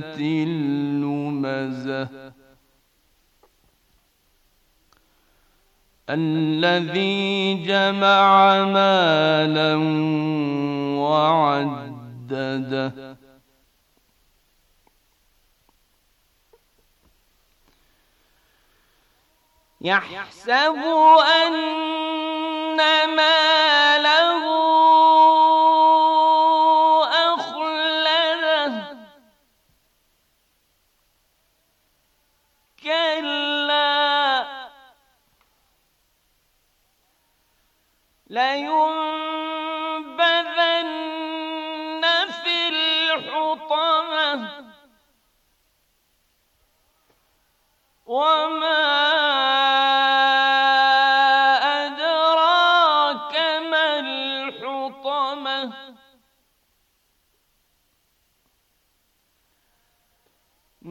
اللمزة الذي جمع مالا وعدده يحسب أن ماله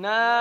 نار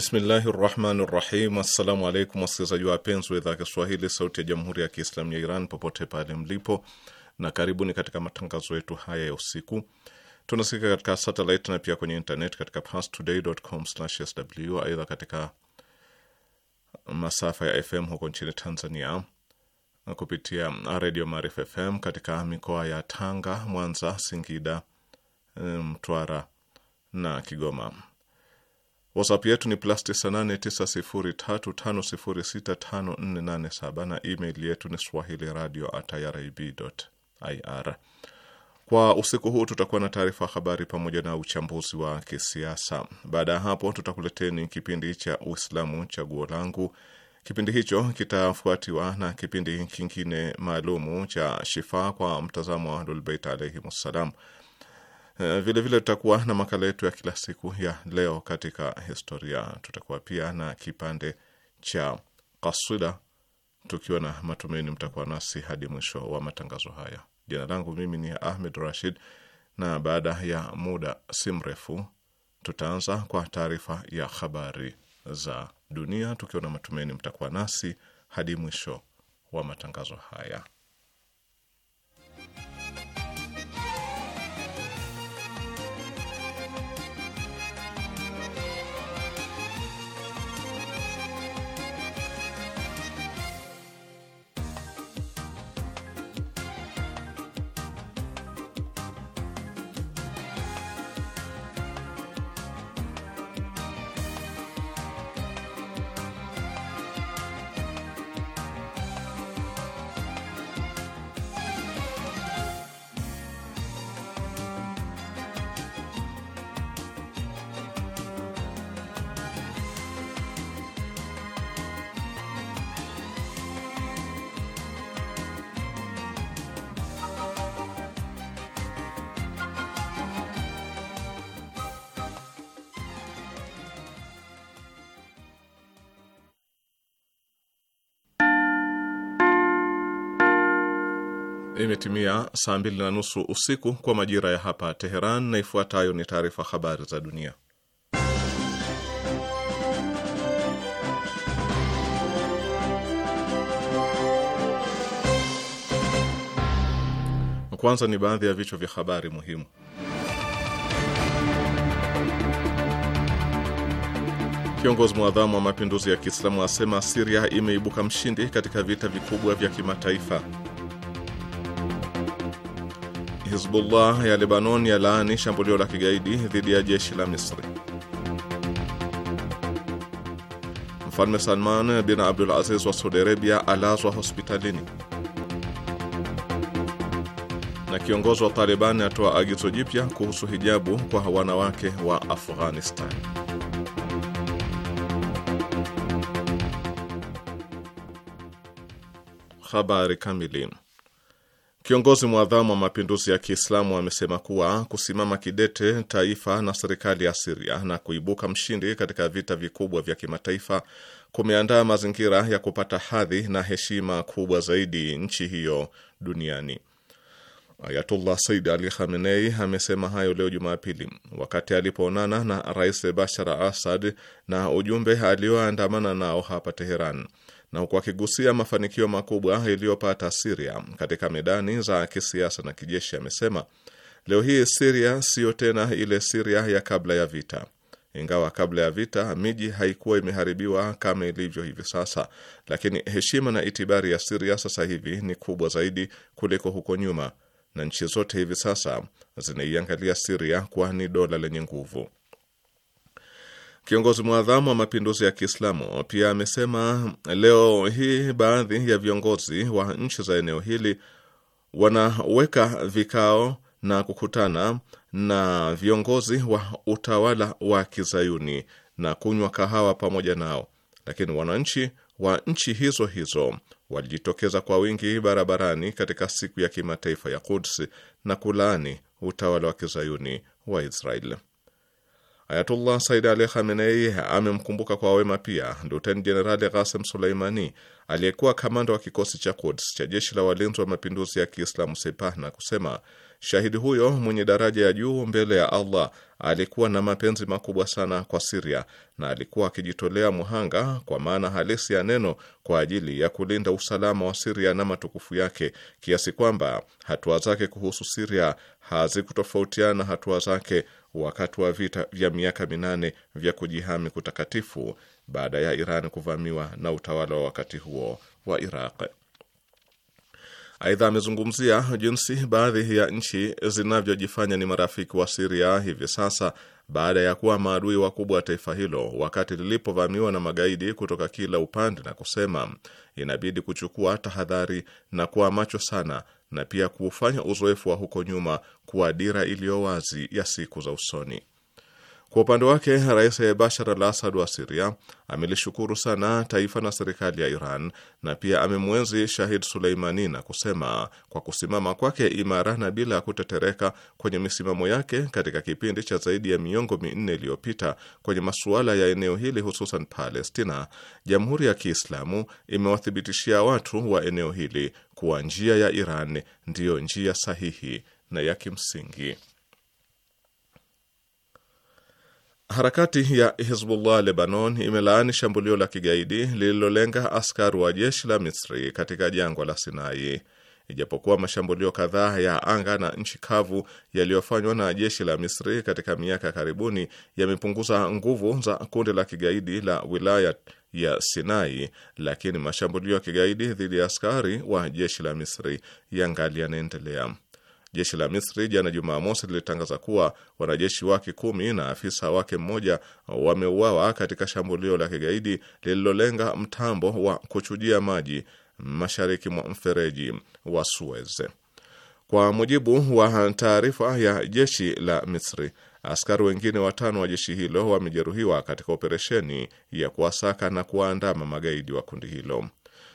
Bismillahi rahmani rahim. Assalamu alaikum waskilizaji wa wapenzi wa idhaa ya Kiswahili sauti ya jamhuri ya Kiislamu ya Iran popote pale mlipo, na karibuni katika matangazo yetu haya ya usiku. Tunasikika katika satelit na pia kwenye internet katika pastodaycom sw Aidha, katika masafa ya FM huko nchini Tanzania kupitia redio Maarifa FM katika mikoa ya Tanga, Mwanza, Singida, Mtwara na Kigoma. WhatsApp yetu ni plus 989035065487 na email yetu ni swahili radio at irib.ir. Kwa usiku huu tutakuwa na taarifa habari pamoja na uchambuzi wa kisiasa. Baada ya hapo, tutakuleteni kipindi cha Uislamu chaguo langu. Kipindi hicho kitafuatiwa na kipindi kingine maalumu cha Shifaa kwa mtazamo wa Ahlulbeit alaihim ssalam. Vilevile eh, vile tutakuwa na makala yetu ya kila siku ya leo katika historia. Tutakuwa pia na kipande cha kaswida, tukiwa na matumaini mtakuwa nasi hadi mwisho wa matangazo haya. Jina langu mimi ni Ahmed Rashid, na baada ya muda si mrefu tutaanza kwa taarifa ya habari za dunia, tukiwa na matumaini mtakuwa nasi hadi mwisho wa matangazo haya. imetimia saa mbili na nusu usiku kwa majira ya hapa Teheran, na ifuatayo ni taarifa habari za dunia. Kwanza ni baadhi ya vichwa vya habari muhimu. Kiongozi mwadhamu wa mapinduzi ya Kiislamu asema Siria imeibuka mshindi katika vita vikubwa vya kimataifa. Hizbullah ya Lebanon laani shambulio la kigaidi dhidi ya jeshi la Misri. Mfalme Salman bin Abdul Aziz wa Saudi Arabia alazwa hospitalini. Na kiongozi wa Taliban atoa agizo jipya kuhusu hijabu kwa wanawake wa Afghanistan. Habari kamili. Kiongozi mwadhamu wa mapinduzi ya Kiislamu amesema kuwa kusimama kidete taifa na serikali ya Siria na kuibuka mshindi katika vita vikubwa vya kimataifa kumeandaa mazingira ya kupata hadhi na heshima kubwa zaidi nchi hiyo duniani. Ayatullah Said Ali Khamenei amesema hayo leo Jumapili wakati alipoonana na Rais Bashar Assad na ujumbe alioandamana nao hapa Teheran na huku akigusia mafanikio makubwa iliyopata Siria katika medani za kisiasa na kijeshi, amesema leo hii Siria siyo tena ile Siria ya kabla ya vita. Ingawa kabla ya vita miji haikuwa imeharibiwa kama ilivyo hivi sasa, lakini heshima na itibari ya Siria sasa hivi ni kubwa zaidi kuliko huko nyuma, na nchi zote hivi sasa zinaiangalia Siria kuwa ni dola lenye nguvu. Kiongozi mwadhamu wa mapinduzi ya Kiislamu pia amesema leo hii baadhi ya viongozi wa nchi za eneo hili wanaweka vikao na kukutana na viongozi wa utawala wa kizayuni na kunywa kahawa pamoja nao, lakini wananchi wa nchi hizo hizo walijitokeza kwa wingi barabarani katika siku ya kimataifa ya Quds na kulaani utawala wa kizayuni wa Israeli. Ayatullah Said Ali Khamenei amemkumbuka kwa wema pia Luteni Jenerali Qasem Suleimani aliyekuwa kamanda wa kikosi cha Quds cha jeshi la walinzi wa mapinduzi ya Kiislamu Sepah na kusema shahidi huyo mwenye daraja ya juu mbele ya Allah alikuwa na mapenzi makubwa sana kwa Siria na alikuwa akijitolea muhanga kwa maana halisi ya neno kwa ajili ya kulinda usalama wa Siria na matukufu yake, kiasi kwamba hatua zake kuhusu Siria hazikutofautiana hatua zake wakati wa vita vya miaka minane vya kujihami kutakatifu baada ya Iran kuvamiwa na utawala wa wakati huo wa Iraq. Aidha, amezungumzia jinsi baadhi ya nchi zinavyojifanya ni marafiki wa Siria hivi sasa baada ya kuwa maadui wakubwa wa taifa hilo wakati lilipovamiwa na magaidi kutoka kila upande, na kusema inabidi kuchukua tahadhari na kuwa macho sana, na pia kuufanya uzoefu wa huko nyuma kuwa dira iliyo wazi ya siku za usoni. Kwa upande wake Rais Bashar al Asad wa Siria amelishukuru sana taifa na serikali ya Iran na pia amemwenzi Shahid Suleimani na kusema kwa kusimama kwake imara na bila ya kutetereka kwenye misimamo yake katika kipindi cha zaidi ya miongo minne iliyopita kwenye masuala ya eneo hili, hususan Palestina, Jamhuri ya Kiislamu imewathibitishia watu wa eneo hili kuwa njia ya Iran ndiyo njia sahihi na ya kimsingi. Harakati ya Hizbullah Lebanon imelaani shambulio la kigaidi lililolenga askari wa jeshi la Misri katika jangwa la Sinai. Ijapokuwa mashambulio kadhaa ya anga na nchi kavu yaliyofanywa na jeshi la Misri katika miaka ya karibuni yamepunguza nguvu za kundi la kigaidi la wilaya ya Sinai, lakini mashambulio ya kigaidi dhidi ya askari wa jeshi la Misri yangali yanaendelea. Jeshi la Misri jana Jumamosi lilitangaza kuwa wanajeshi wake kumi na afisa wake mmoja wameuawa katika shambulio la kigaidi lililolenga mtambo wa kuchujia maji mashariki mwa mfereji wa Suez. Kwa mujibu wa taarifa ya jeshi la Misri, askari wengine watano wa jeshi hilo wamejeruhiwa katika operesheni ya kuwasaka na kuwaandama magaidi wa kundi hilo.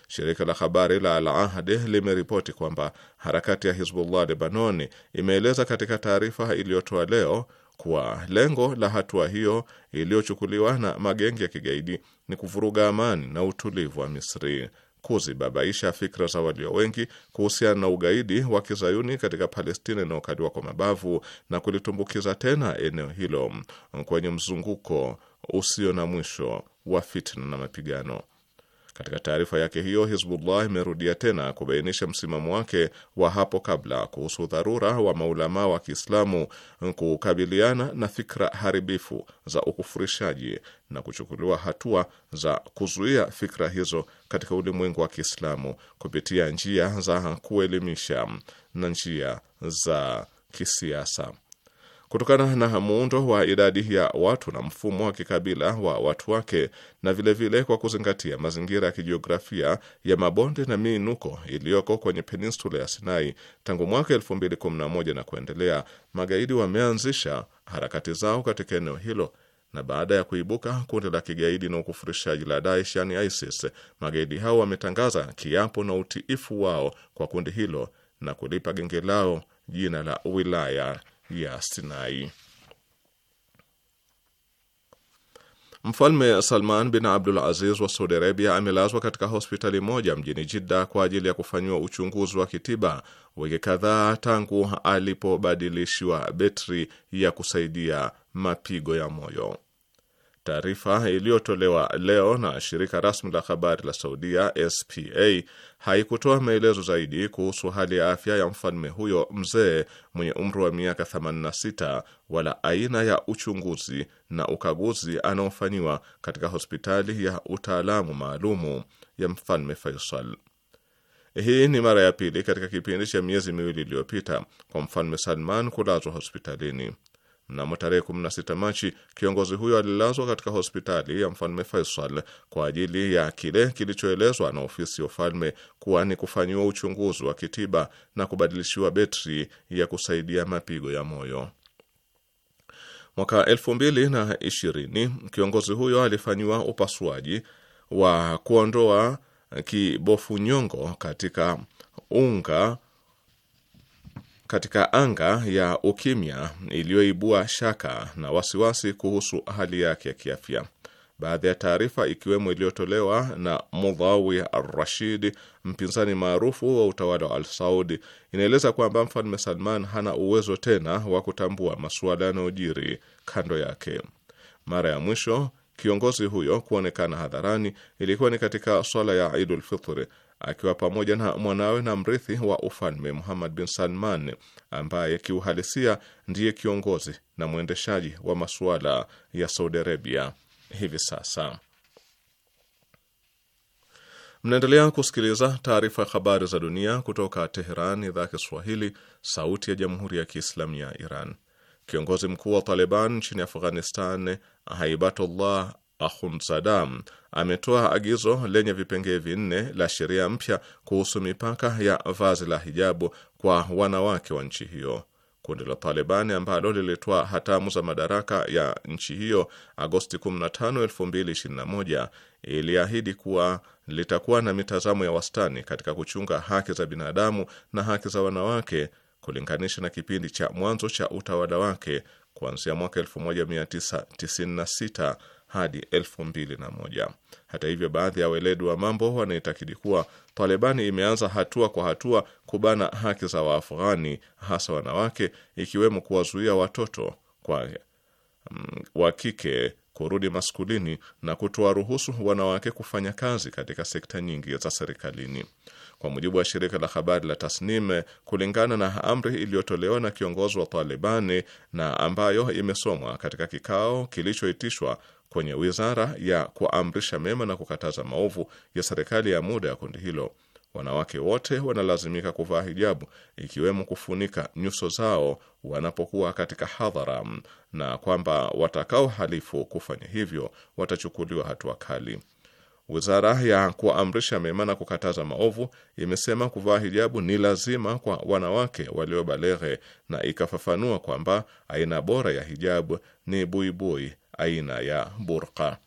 Shirika la habari la Al Ahdi limeripoti kwamba harakati ya Hizbullah Lebanoni imeeleza katika taarifa iliyotoa leo kuwa lengo la hatua hiyo iliyochukuliwa na magenge ya kigaidi ni kuvuruga amani na utulivu wa Misri, kuzibabaisha fikra za walio wengi kuhusiana na ugaidi wa kizayuni katika Palestina inayokaliwa kwa mabavu na kulitumbukiza tena eneo hilo kwenye mzunguko usio na mwisho wa fitna na mapigano. Katika taarifa yake hiyo, Hizbullah imerudia tena kubainisha msimamo wake wa hapo kabla kuhusu dharura wa maulamaa wa Kiislamu kukabiliana na fikra haribifu za ukufurishaji na kuchukuliwa hatua za kuzuia fikra hizo katika ulimwengu wa Kiislamu kupitia njia za kuelimisha na njia za kisiasa. Kutokana na muundo wa idadi ya watu na mfumo wa kikabila wa watu wake, na vilevile vile kwa kuzingatia mazingira ya kijiografia ya mabonde na miinuko iliyoko kwenye peninsula ya Sinai, tangu mwaka 2011 na kuendelea, magaidi wameanzisha harakati zao katika eneo hilo na baada ya kuibuka kundi la kigaidi na ukufurishaji la Daesh yani ISIS, magaidi hao wametangaza kiapo na utiifu wao kwa kundi hilo na kulipa genge lao jina la wilaya ya Sinai. Mfalme Salman bin Abdul Aziz wa Saudi Arabia amelazwa katika hospitali moja mjini Jidda kwa ajili ya kufanyiwa uchunguzi wa kitiba wiki kadhaa tangu alipobadilishiwa betri ya kusaidia mapigo ya moyo. Taarifa iliyotolewa leo na shirika rasmi la habari la Saudia SPA haikutoa maelezo zaidi kuhusu hali ya afya ya mfalme huyo mzee mwenye umri wa miaka 86 wala aina ya uchunguzi na ukaguzi anaofanyiwa katika hospitali ya utaalamu maalumu ya mfalme Faisal. Hii ni mara ya pili katika kipindi cha miezi miwili iliyopita kwa mfalme Salman kulazwa hospitalini. Mnamo tarehe 16 Machi, kiongozi huyo alilazwa katika hospitali ya mfalme Faisal kwa ajili ya kile kilichoelezwa na ofisi ya ufalme kuwa ni kufanyiwa uchunguzi wa kitiba na kubadilishiwa betri ya kusaidia mapigo ya moyo. Mwaka 2020 kiongozi huyo alifanyiwa upasuaji wa kuondoa kibofu nyongo katika unga katika anga ya ukimya iliyoibua shaka na wasiwasi kuhusu hali yake ya kiafya. Baadhi ya taarifa ikiwemo iliyotolewa na Mudhawi Arrashid, mpinzani maarufu wa utawala wa Al Saudi, inaeleza kwamba mfalme Salman hana uwezo tena wa kutambua masuala yanayojiri kando yake. Mara ya mwisho kiongozi huyo kuonekana hadharani ilikuwa ni katika swala ya Idul Fitri akiwa pamoja na mwanawe na mrithi wa ufalme Muhammad bin Salman ambaye kiuhalisia ndiye kiongozi na mwendeshaji wa masuala ya Saudi Arabia hivi sasa. Mnaendelea kusikiliza taarifa ya habari za dunia kutoka Teheran, idhaa ya Kiswahili, sauti ya jamhuri ya kiislamu ya Iran. Kiongozi mkuu wa Taliban nchini Afghanistan, Haibatullah Ahunsadam ametoa agizo lenye vipengee vinne la sheria mpya kuhusu mipaka ya vazi la hijabu kwa wanawake wa nchi hiyo. Kundi la Talibani ambalo lilitoa hatamu za madaraka ya nchi hiyo Agosti 15, 2021 iliahidi kuwa litakuwa na mitazamo ya wastani katika kuchunga haki za binadamu na haki za wanawake kulinganisha na kipindi cha mwanzo cha utawala wake kuanzia mwaka 1996 hadi elfu mbili na moja. Hata hivyo, baadhi ya weledi wa mambo wanaitakidi kuwa Talebani imeanza hatua kwa hatua kubana haki za Waafghani, hasa wanawake, ikiwemo kuwazuia watoto kwa mm, wa kike kurudi maskulini na kutowaruhusu wanawake kufanya kazi katika sekta nyingi za serikalini. Kwa mujibu wa shirika la habari la Tasnim, kulingana na amri iliyotolewa na kiongozi wa Talibani na ambayo imesomwa katika kikao kilichoitishwa kwenye wizara ya kuamrisha mema na kukataza maovu ya serikali ya muda ya kundi hilo, wanawake wote wanalazimika kuvaa hijabu, ikiwemo kufunika nyuso zao wanapokuwa katika hadhara, na kwamba watakaohalifu kufanya hivyo watachukuliwa hatua kali. Wizara ya kuamrisha mema na kukataza maovu imesema kuvaa hijabu ni lazima kwa wanawake waliobalehe na ikafafanua kwamba aina bora ya hijabu ni buibui aina ya burqa.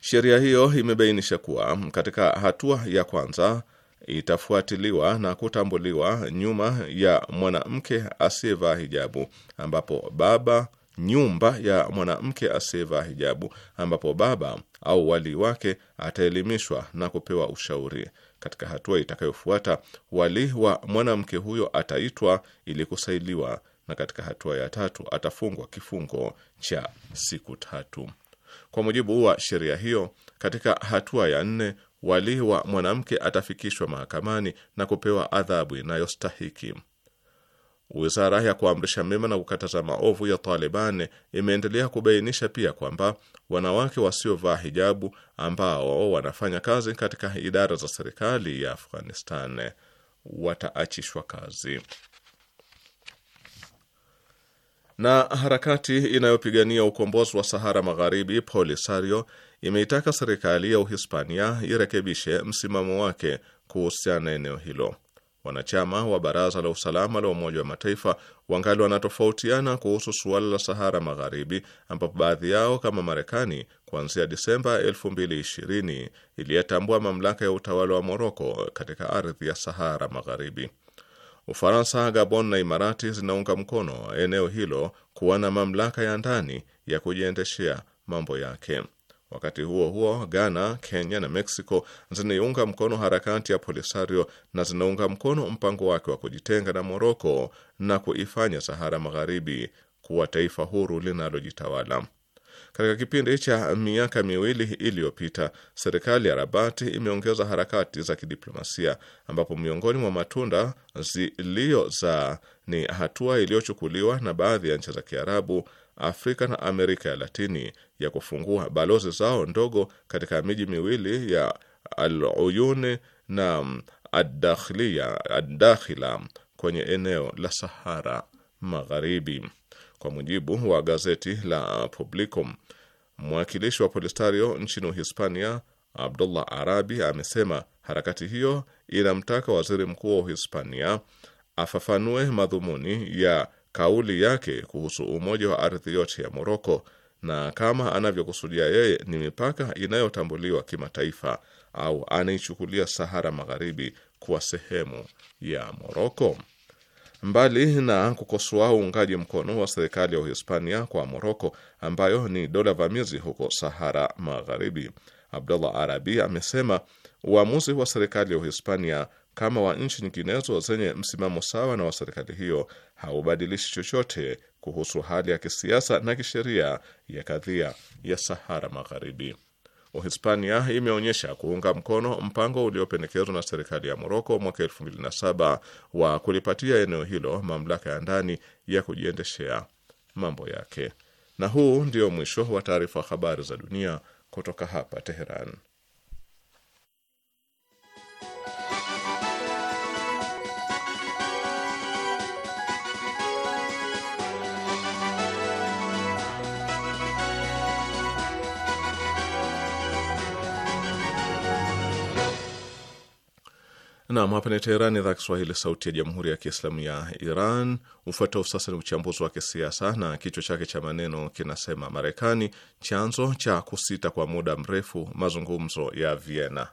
Sheria hiyo imebainisha kuwa katika hatua ya kwanza itafuatiliwa na kutambuliwa nyuma ya mwanamke asiyevaa hijabu ambapo baba nyumba ya mwanamke asiyevaa hijabu, ambapo baba au wali wake ataelimishwa na kupewa ushauri. Katika hatua itakayofuata, wali wa mwanamke huyo ataitwa ili kusailiwa na katika hatua ya tatu atafungwa kifungo cha siku tatu. Kwa mujibu wa sheria hiyo, katika hatua ya nne wali wa mwanamke atafikishwa mahakamani na kupewa adhabu inayostahiki. Wizara ya kuamrisha mema na kukataza maovu ya Taliban imeendelea kubainisha pia kwamba wanawake wasiovaa hijabu ambao wanafanya kazi katika idara za serikali ya Afghanistan wataachishwa kazi. Na harakati inayopigania ukombozi wa Sahara Magharibi, Polisario, imeitaka serikali ya Uhispania irekebishe msimamo wake kuhusiana na eneo hilo wanachama wa Baraza la Usalama la Umoja wa Mataifa wangali wanatofautiana kuhusu suala la Sahara Magharibi, ambapo baadhi yao kama Marekani kuanzia Disemba 2020 iliyetambua mamlaka ya utawala wa Moroko katika ardhi ya Sahara Magharibi. Ufaransa, Gabon na Imarati zinaunga mkono eneo hilo kuwa na mamlaka ya ndani ya kujiendeshea mambo yake. Wakati huo huo, Ghana, Kenya na Mexico zinaiunga mkono harakati ya Polisario na zinaunga mkono mpango wake wa kujitenga na Moroko na kuifanya Sahara Magharibi kuwa taifa huru linalojitawala. Katika kipindi cha miaka miwili iliyopita, serikali ya Rabati imeongeza harakati za kidiplomasia, ambapo miongoni mwa matunda ziliyozaa ni hatua iliyochukuliwa na baadhi ya nchi za Kiarabu, Afrika na Amerika ya Latini ya kufungua balozi zao ndogo katika miji miwili ya Al-Uyun na adakhila kwenye eneo la Sahara Magharibi. Kwa mujibu wa gazeti la Publicum, mwakilishi wa Polistario nchini Uhispania, Abdullah Arabi, amesema harakati hiyo inamtaka waziri mkuu wa Uhispania afafanue madhumuni ya kauli yake kuhusu umoja wa ardhi yote ya Moroko na kama anavyokusudia yeye ni mipaka inayotambuliwa kimataifa au anaichukulia Sahara Magharibi kuwa sehemu ya Moroko. Mbali na kukosoa uungaji mkono wa serikali ya Uhispania kwa Moroko ambayo ni dola vamizi huko Sahara Magharibi, Abdullah Arabi amesema uamuzi wa serikali ya Uhispania kama wa nchi nyinginezo zenye msimamo sawa na wa serikali hiyo haubadilishi chochote kuhusu hali ya kisiasa na kisheria ya kadhia ya Sahara Magharibi. Uhispania imeonyesha kuunga mkono mpango uliopendekezwa na serikali ya Moroko mwaka 2007 wa kulipatia eneo hilo mamlaka ya ndani ya kujiendeshea mambo yake. Na huu ndio mwisho wa taarifa habari za dunia kutoka hapa Teheran. Nam, hapa ni Teherani, idhaa Kiswahili, sauti ya jamhuri ya kiislamu ya Iran. Ufuatao sasa ni uchambuzi wa kisiasa na kichwa chake cha maneno kinasema: Marekani chanzo cha kusita kwa muda mrefu mazungumzo ya Vienna.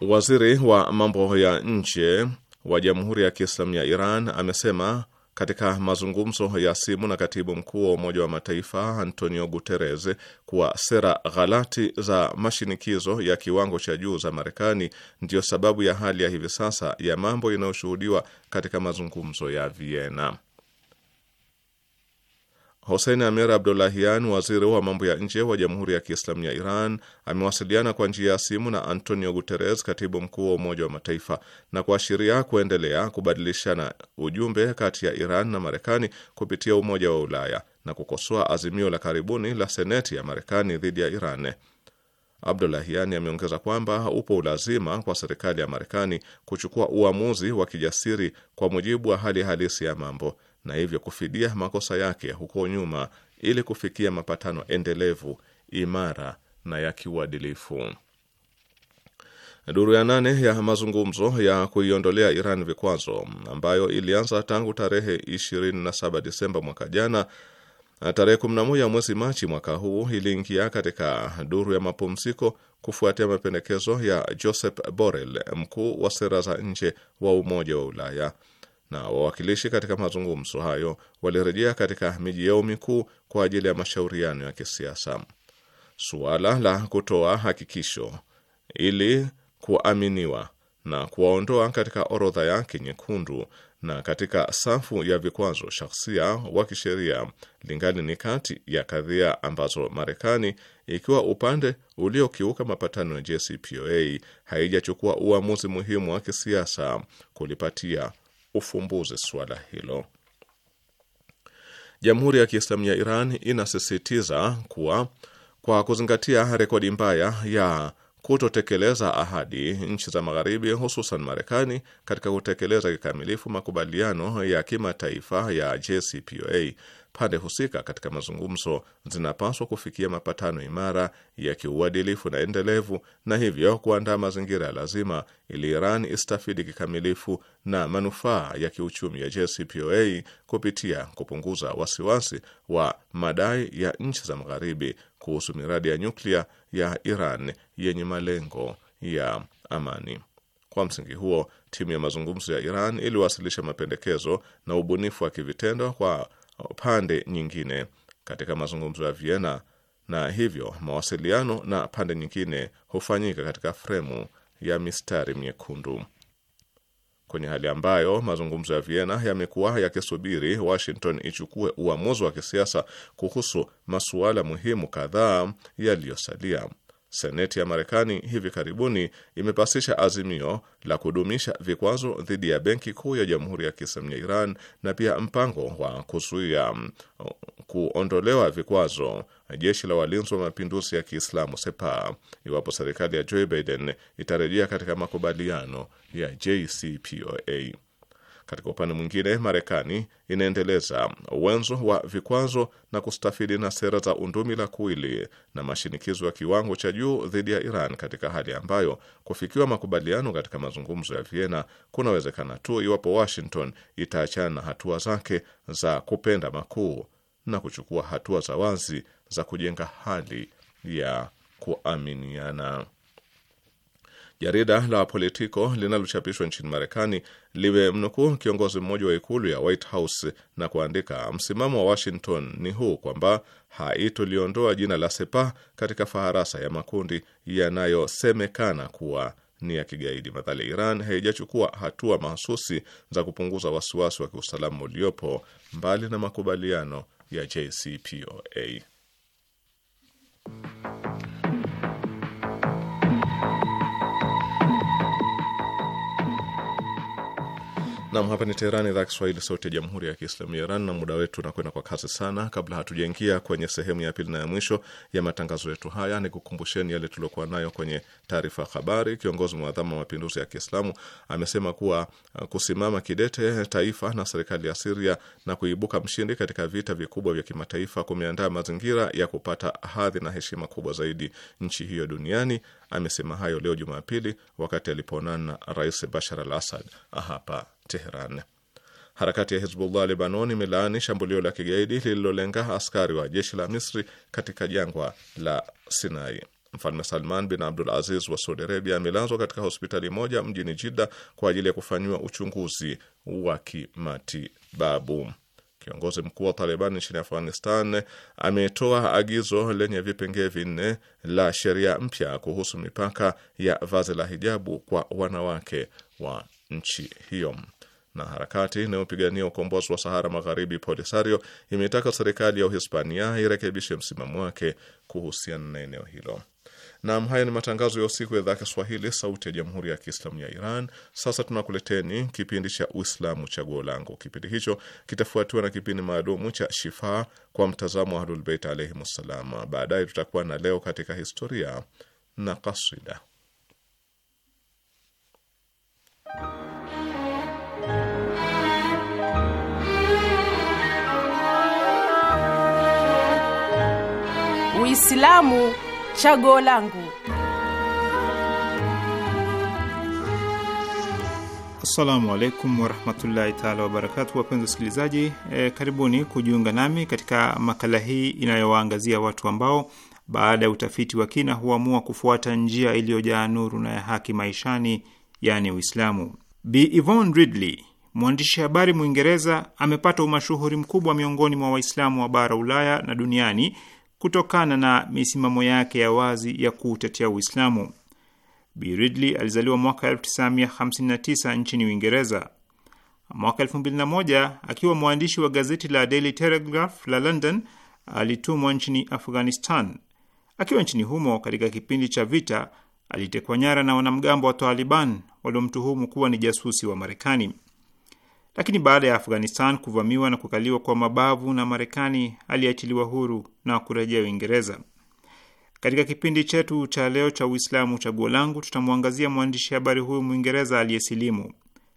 Waziri wa mambo ya nje wa jamhuri ya kiislamu ya Iran amesema katika mazungumzo ya simu na katibu mkuu wa Umoja wa Mataifa Antonio Guterres kuwa sera ghalati za mashinikizo ya kiwango cha juu za Marekani ndiyo sababu ya hali ya hivi sasa ya mambo inayoshuhudiwa katika mazungumzo ya Vienna. Hussein Amir Abdollahian, waziri wa mambo ya nje wa Jamhuri ya Kiislamu ya Iran, amewasiliana kwa njia ya simu na Antonio Guterres, katibu mkuu wa Umoja wa Mataifa, na kuashiria kuendelea kubadilishana ujumbe kati ya Iran na Marekani kupitia Umoja wa Ulaya na kukosoa azimio la karibuni la Seneti ya Marekani dhidi ya Iran. Abdollahian ameongeza kwamba upo ulazima kwa serikali ya Marekani kuchukua uamuzi wa kijasiri kwa mujibu wa hali halisi ya mambo na hivyo kufidia makosa yake huko nyuma ili kufikia mapatano endelevu, imara na ya kiuadilifu. Duru ya nane ya mazungumzo ya kuiondolea Iran vikwazo ambayo ilianza tangu tarehe 27 Disemba mwaka jana na tarehe 11 mwezi Machi mwaka huu iliingia katika duru ya mapumziko kufuatia mapendekezo ya Joseph Borrell, mkuu wa sera za nje wa Umoja wa Ulaya na wawakilishi katika mazungumzo hayo walirejea katika miji yao mikuu kwa ajili ya mashauriano ya kisiasa. Suala la kutoa hakikisho ili kuaminiwa na kuwaondoa katika orodha yake nyekundu na katika safu ya vikwazo shakhsia wa kisheria lingali ni kati ya kadhia ambazo Marekani ikiwa upande uliokiuka mapatano ya JCPOA haijachukua uamuzi muhimu wa kisiasa kulipatia ufumbuzi suala hilo. Jamhuri ya Kiislamu ya Iran inasisitiza kuwa kwa kuzingatia rekodi mbaya ya kutotekeleza ahadi nchi za Magharibi, hususan Marekani, katika kutekeleza kikamilifu makubaliano ya kimataifa ya JCPOA. Pande husika katika mazungumzo zinapaswa kufikia mapatano imara ya kiuadilifu na endelevu, na hivyo kuandaa mazingira ya lazima ili Iran istafidi kikamilifu na manufaa ya kiuchumi ya JCPOA kupitia kupunguza wasiwasi wa madai ya nchi za Magharibi kuhusu miradi ya nyuklia ya Iran yenye malengo ya amani. Kwa msingi huo, timu ya mazungumzo ya Iran iliwasilisha mapendekezo na ubunifu wa kivitendo kwa pande nyingine katika mazungumzo ya Vienna, na hivyo mawasiliano na pande nyingine hufanyika katika fremu ya mistari myekundu kwenye hali ambayo mazungumzo ya Vienna yamekuwa yakisubiri Washington ichukue uamuzi wa kisiasa kuhusu masuala muhimu kadhaa yaliyosalia. Seneti ya Marekani hivi karibuni imepasisha azimio la kudumisha vikwazo dhidi ya Benki Kuu ya Jamhuri ya Kiislamu ya Iran na pia mpango wa kuzuia uh, kuondolewa vikwazo jeshi la walinzi wa mapinduzi ya Kiislamu sepa iwapo serikali ya Joe Biden itarejea katika makubaliano ya JCPOA. Katika upande mwingine, Marekani inaendeleza uwenzo wa vikwazo na kustafidi na sera za undumi la kuili na mashinikizo ya kiwango cha juu dhidi ya Iran, katika hali ambayo kufikiwa makubaliano katika mazungumzo ya Vienna kunawezekana tu iwapo Washington itaachana na hatua zake za kupenda makuu na kuchukua hatua za wazi za kujenga hali ya kuaminiana jarida la Politico linalochapishwa nchini Marekani limemnukuu kiongozi mmoja wa ikulu ya White House na kuandika, msimamo wa Washington ni huu kwamba haitoliondoa jina la sepa katika faharasa ya makundi yanayosemekana kuwa ni ya kigaidi, madhali Iran haijachukua hatua mahususi za kupunguza wasiwasi wa kiusalama uliopo, mbali na makubaliano ya JCPOA. Nam, hapa ni Teherani, idhaa Kiswahili, sauti ya jamhuri ya kiislamu ya Iran. Na muda wetu unakwenda kwa kasi sana. Kabla hatujaingia kwenye sehemu ya pili na ya mwisho ya matangazo yetu haya, ni kukumbusheni yale tuliokuwa nayo kwenye taarifa habari, kiongozi mwadhamu wa mapinduzi ya Kiislamu amesema kuwa uh, kusimama kidete eh, taifa na serikali ya Siria na kuibuka mshindi katika vita vikubwa vya kimataifa kumeandaa mazingira ya kupata hadhi na heshima kubwa zaidi nchi hiyo duniani. Amesema hayo leo Jumapili wakati alipoonana na Rais Bashar al Assad hapa Teheran. Harakati ya Hizbullah Lebanon imelaani shambulio la kigaidi lililolenga askari wa jeshi la Misri katika jangwa la Sinai. Mfalme Salman bin Abdul Aziz wa Saudi Arabia amelazwa katika hospitali moja mjini Jidda kwa ajili ya kufanyiwa uchunguzi wa kimatibabu. Kiongozi mkuu wa Taliban nchini Afghanistan ametoa agizo lenye vipengee vinne la sheria mpya kuhusu mipaka ya vazi la hijabu kwa wanawake wa nchi hiyo. Na harakati inayopigania ukombozi wa Sahara Magharibi, Polisario, imetaka serikali ya Uhispania irekebishe msimamo wake kuhusiana na eneo hilo. Nam, haya ni matangazo ya usiku ya idhaa Kiswahili sauti ya jamhuri ya kiislamu ya Iran. Sasa tunakuleteni kipindi cha Uislamu chaguo langu. Kipindi hicho kitafuatiwa na kipindi maalumu cha Shifaa kwa mtazamo wa Ahlulbeit alaihimussalam. Baadaye tutakuwa na leo katika historia na kasida. Uislamu chaguo langu. Assalamu alaikum warahmatullahi taala wabarakatu, wapenzi wasikilizaji, e, karibuni kujiunga nami katika makala hii inayowaangazia watu ambao baada ya utafiti wa kina huamua kufuata njia iliyojaa nuru na ya haki maishani, yaani Uislamu. Bi Yvonne Ridley, mwandishi habari Mwingereza, amepata umashuhuri mkubwa miongoni mwa Waislamu wa bara Ulaya na duniani kutokana na misimamo yake ya wazi ya kuutetea Uislamu. Bi Ridley alizaliwa mwaka 1959 nchini Uingereza. Mwaka 2001 akiwa mwandishi wa gazeti la Daily Telegraph la London alitumwa nchini Afghanistan. Akiwa nchini humo katika kipindi cha vita, alitekwa nyara na wanamgambo wa Taliban waliomtuhumu kuwa ni jasusi wa Marekani lakini baada ya Afghanistan kuvamiwa na kukaliwa kwa mabavu na Marekani, aliachiliwa huru na kurejea Uingereza. Katika kipindi chetu cha leo cha Uislamu Chaguo Langu, tutamwangazia mwandishi habari huyu Mwingereza aliyesilimu.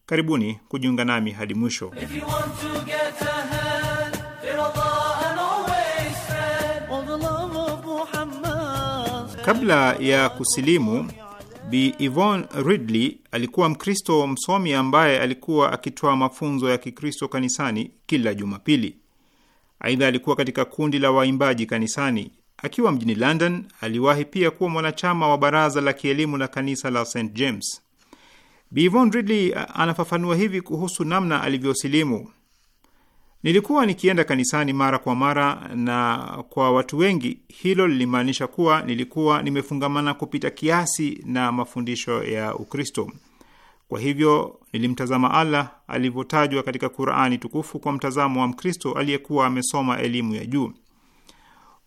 Karibuni kujiunga nami hadi mwisho. Kabla ya kusilimu Bi Yvonne Ridley alikuwa Mkristo msomi ambaye alikuwa akitoa mafunzo ya Kikristo kanisani kila Jumapili. Aidha, alikuwa katika kundi la waimbaji kanisani. Akiwa mjini London, aliwahi pia kuwa mwanachama wa baraza la kielimu na kanisa la St James. Bi Yvonne Ridley anafafanua hivi kuhusu namna alivyosilimu: Nilikuwa nikienda kanisani mara kwa mara, na kwa watu wengi hilo lilimaanisha kuwa nilikuwa nimefungamana kupita kiasi na mafundisho ya Ukristo. Kwa hivyo nilimtazama Allah alivyotajwa katika Qurani tukufu kwa mtazamo wa Mkristo aliyekuwa amesoma elimu ya juu.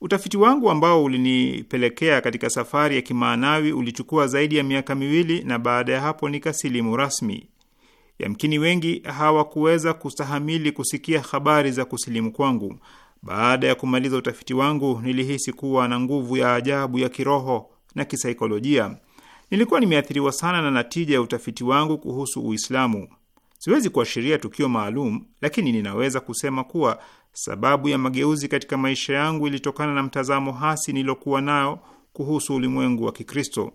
Utafiti wangu ambao ulinipelekea katika safari ya kimaanawi ulichukua zaidi ya miaka miwili, na baada ya hapo nikasilimu rasmi. Yamkini wengi hawakuweza kustahamili kusikia habari za kusilimu kwangu. Baada ya kumaliza utafiti wangu, nilihisi kuwa na nguvu ya ajabu ya kiroho na kisaikolojia. Nilikuwa nimeathiriwa sana na natija ya utafiti wangu kuhusu Uislamu. Siwezi kuashiria tukio maalum, lakini ninaweza kusema kuwa sababu ya mageuzi katika maisha yangu ilitokana na mtazamo hasi niliokuwa nayo kuhusu ulimwengu wa Kikristo.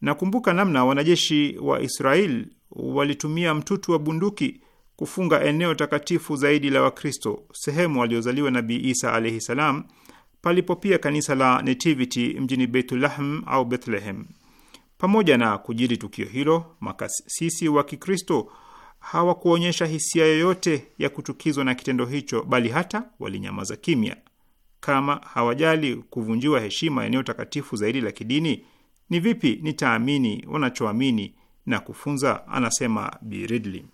Nakumbuka namna wanajeshi wa Israel walitumia mtutu wa bunduki kufunga eneo takatifu zaidi la Wakristo, sehemu aliyozaliwa Nabii Isa alaihi salam, palipo pia kanisa la Nativity mjini Bethlehem au Bethlehem. Pamoja na kujiri tukio hilo, makasisi wa Kikristo hawakuonyesha hisia yoyote ya kuchukizwa na kitendo hicho, bali hata walinyamaza kimya, kama hawajali kuvunjiwa heshima eneo takatifu zaidi la kidini ni vipi nitaamini wanachoamini na kufunza? Anasema B. Ridley.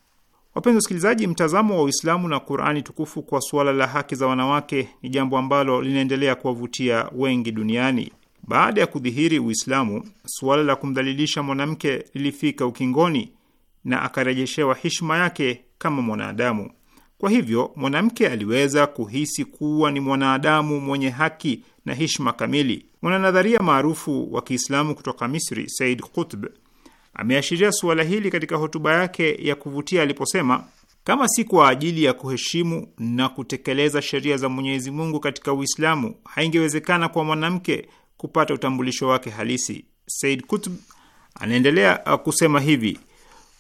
Wapenzi wasikilizaji, mtazamo wa Uislamu na Qurani tukufu kwa suala la haki za wanawake ni jambo ambalo linaendelea kuwavutia wengi duniani. Baada ya kudhihiri Uislamu, suala la kumdhalilisha mwanamke lilifika ukingoni na akarejeshewa heshima yake kama mwanadamu. Kwa hivyo mwanamke aliweza kuhisi kuwa ni mwanadamu mwenye haki na hishma kamili. Mwananadharia maarufu wa Kiislamu kutoka Misri, Said Qutb, ameashiria suala hili katika hotuba yake ya kuvutia aliposema, kama si kwa ajili ya kuheshimu na kutekeleza sheria za Mwenyezi Mungu katika Uislamu, haingewezekana kwa mwanamke kupata utambulisho wake halisi. Said Qutb anaendelea kusema hivi: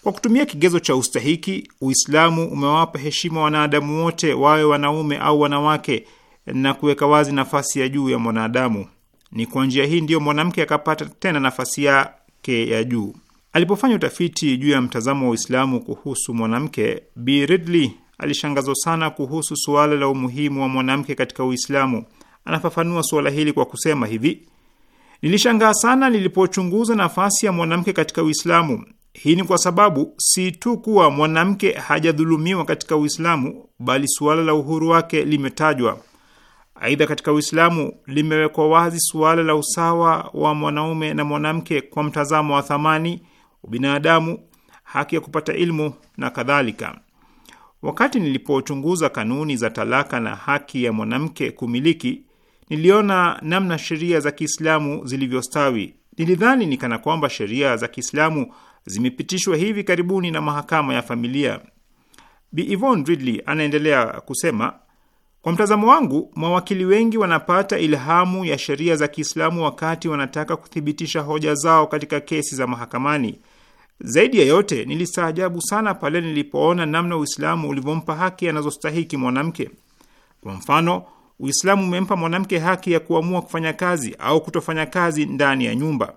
kwa kutumia kigezo cha ustahiki, Uislamu umewapa heshima wanadamu wote, wawe wanaume au wanawake, na kuweka wazi nafasi ya juu ya mwanadamu. Ni kwa njia hii ndiyo mwanamke akapata tena nafasi yake ya juu. Alipofanya utafiti juu ya mtazamo wa Uislamu kuhusu mwanamke, B Ridley alishangazwa sana kuhusu suala la umuhimu wa mwanamke katika Uislamu. Anafafanua suala hili kwa kusema hivi: nilishangaa sana nilipochunguza nafasi ya mwanamke katika Uislamu. Hii ni kwa sababu si tu kuwa mwanamke hajadhulumiwa katika Uislamu, bali suala la uhuru wake limetajwa. Aidha, katika Uislamu limewekwa wazi suala la usawa wa mwanaume na mwanamke kwa mtazamo wa thamani, ubinadamu, haki ya kupata ilmu na kadhalika. Wakati nilipochunguza kanuni za talaka na haki ya mwanamke kumiliki, niliona namna sheria za Kiislamu zilivyostawi. Nilidhani ni kana kwamba sheria za Kiislamu zimepitishwa hivi karibuni na mahakama ya familia. Bi Yvonne Ridley anaendelea kusema, kwa mtazamo wangu, mawakili wengi wanapata ilhamu ya sheria za Kiislamu wakati wanataka kuthibitisha hoja zao katika kesi za mahakamani. Zaidi ya yote, nilistaajabu sana pale nilipoona namna Uislamu ulivyompa haki anazostahiki mwanamke. Kwa mfano, Uislamu umempa mwanamke haki ya kuamua kufanya kazi au kutofanya kazi ndani ya nyumba.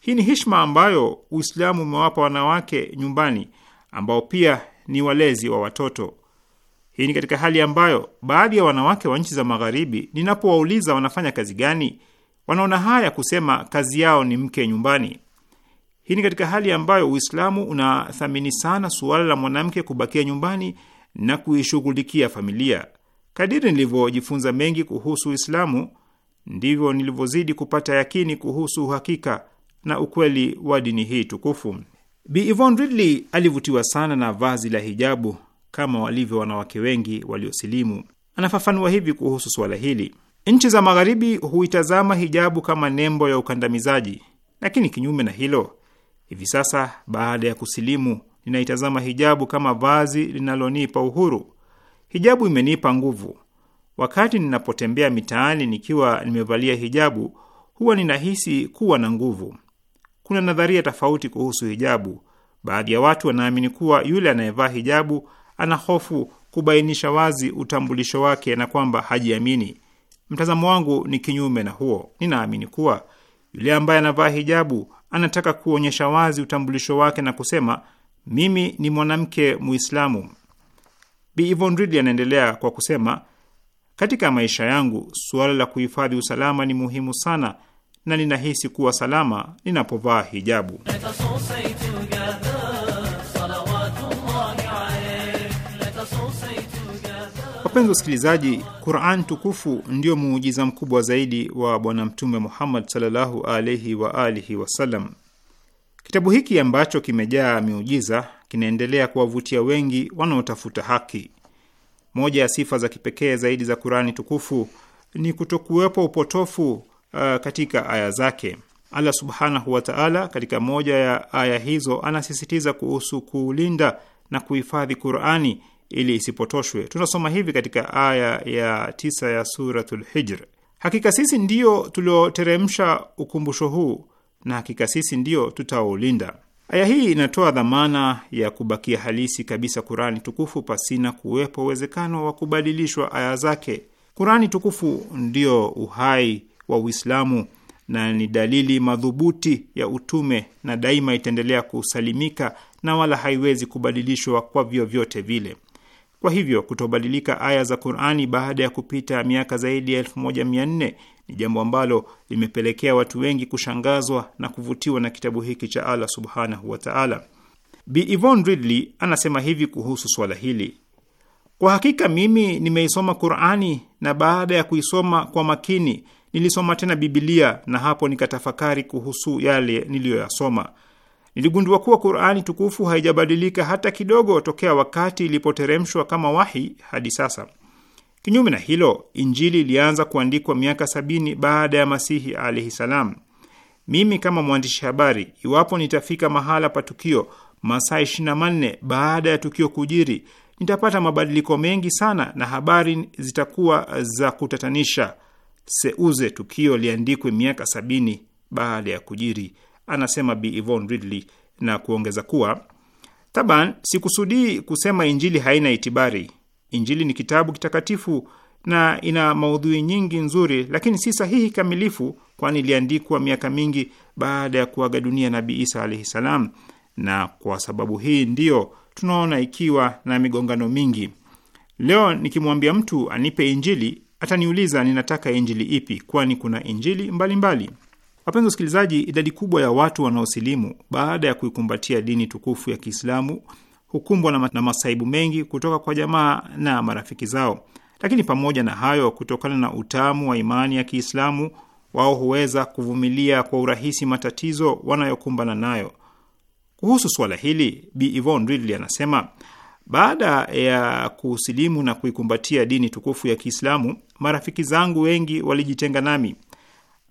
Hii ni heshima ambayo Uislamu umewapa wanawake nyumbani ambao pia ni walezi wa watoto. Hii ni katika hali ambayo baadhi ya wanawake wa nchi za Magharibi, ninapowauliza wanafanya kazi gani, wanaona haya kusema kazi yao ni mke nyumbani. Hii ni katika hali ambayo Uislamu unathamini sana suala la mwanamke kubakia nyumbani na kuishughulikia familia. Kadiri nilivyojifunza mengi kuhusu Uislamu, ndivyo nilivyozidi kupata yakini kuhusu uhakika na ukweli wa dini hii tukufu. Bi Yvonne Ridley alivutiwa sana na vazi la hijabu kama walivyo wanawake wengi waliosilimu. Anafafanua hivi kuhusu suala hili: nchi za Magharibi huitazama hijabu kama nembo ya ukandamizaji, lakini kinyume na hilo, hivi sasa baada ya kusilimu, ninaitazama hijabu kama vazi linalonipa uhuru. Hijabu imenipa nguvu. Wakati ninapotembea mitaani nikiwa nimevalia hijabu, huwa ninahisi kuwa na nguvu kuna nadharia tofauti kuhusu hijabu. Baadhi ya watu wanaamini kuwa yule anayevaa hijabu ana hofu kubainisha wazi utambulisho wake na kwamba hajiamini. Mtazamo wangu ni kinyume na huo. Ninaamini kuwa yule ambaye anavaa hijabu anataka kuonyesha wazi utambulisho wake na kusema mimi ni mwanamke Muislamu. Bi Yvonne Ridley anaendelea kwa kusema, katika maisha yangu suala la kuhifadhi usalama ni muhimu sana na ninahisi kuwa salama ninapovaa hijabu. Wapenzi wasikilizaji, Quran tukufu ndio muujiza mkubwa zaidi wa Bwana Mtume Muhammad sallallahu alaihi wa alihi wasallam. Kitabu hiki ambacho kimejaa miujiza kinaendelea kuwavutia wengi wanaotafuta haki. Moja ya sifa za kipekee zaidi za qurani tukufu ni kutokuwepo upotofu uh, katika aya zake. Allah subhanahu wataala katika moja ya aya hizo anasisitiza kuhusu kuulinda na kuhifadhi Qurani ili isipotoshwe. Tunasoma hivi katika aya ya tisa ya Suratul Hijr: hakika sisi ndiyo tulioteremsha ukumbusho huu na hakika sisi ndiyo tutaulinda Aya hii inatoa dhamana ya kubakia halisi kabisa Kurani tukufu pasina kuwepo uwezekano wa kubadilishwa aya zake. Qurani tukufu ndiyo uhai wa Uislamu na ni dalili madhubuti ya utume na daima itaendelea kusalimika na wala haiwezi kubadilishwa kwa vyovyote vile. Kwa hivyo kutobadilika aya za Qur'ani baada ya kupita miaka zaidi ya 1400 ni jambo ambalo limepelekea watu wengi kushangazwa na kuvutiwa na kitabu hiki cha Allah Subhanahu wa Ta'ala. Bi Yvonne Ridley anasema hivi kuhusu swala hili: kwa hakika mimi nimeisoma Qur'ani na baada ya kuisoma kwa makini nilisoma tena Bibilia na hapo nikatafakari kuhusu yale niliyoyasoma. Niligundua kuwa Qurani tukufu haijabadilika hata kidogo tokea wakati ilipoteremshwa kama wahi hadi sasa. Kinyume na hilo, Injili ilianza kuandikwa miaka sabini baada ya Masihi alaihi salam. Mimi kama mwandishi habari, iwapo nitafika mahala pa tukio masaa manne baada ya tukio kujiri, nitapata mabadiliko mengi sana na habari zitakuwa za kutatanisha seuze tukio liandikwe miaka sabini baada ya kujiri, anasema Bi Yvonne Ridley na kuongeza kuwa taban, sikusudii kusema Injili haina itibari. Injili ni kitabu kitakatifu na ina maudhui nyingi nzuri, lakini si sahihi kamilifu, kwani iliandikwa miaka mingi baada ya kuaga dunia Nabii Isa alaihi salam, na kwa sababu hii ndiyo tunaona ikiwa na migongano mingi. Leo nikimwambia mtu anipe Injili Ataniuliza ninataka injili ipi, kwani kuna injili mbalimbali. Wapenzi wasikilizaji, idadi kubwa ya watu wanaosilimu baada ya kuikumbatia dini tukufu ya Kiislamu hukumbwa na, ma na masaibu mengi kutoka kwa jamaa na marafiki zao, lakini pamoja na hayo, kutokana na utamu wa imani ya Kiislamu, wao huweza kuvumilia kwa urahisi matatizo wanayokumbana nayo. Kuhusu suala hili, Bi Yvonne Ridley anasema baada ya kusilimu na kuikumbatia dini tukufu ya Kiislamu, marafiki zangu wengi walijitenga nami.